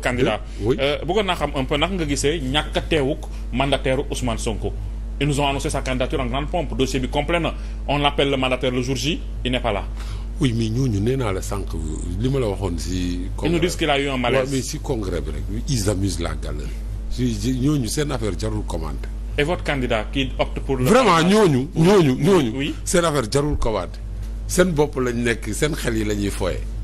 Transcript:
candidat euh, bëggoon naa xam un peu nga gisee ñàkk a teewuk mandataire Ousmane Sonko ils nous ont annoncé sa candidature en grande pompe dossier bi complet na on l'appelle le mandataire le jour J il n'est pas là oui mais ñooñu nee naa la sànq li ma la waxoon si ils nous disent a eu congrès bi rek ils amusent la galerie si ñooñu seen affaire jarul commande et votre candidat qui opte pour le vraiment ñooñu ñooñu ñooñu seen affaire jarul commande seen bopp lañ nekk seen xel yi la ñuy fooye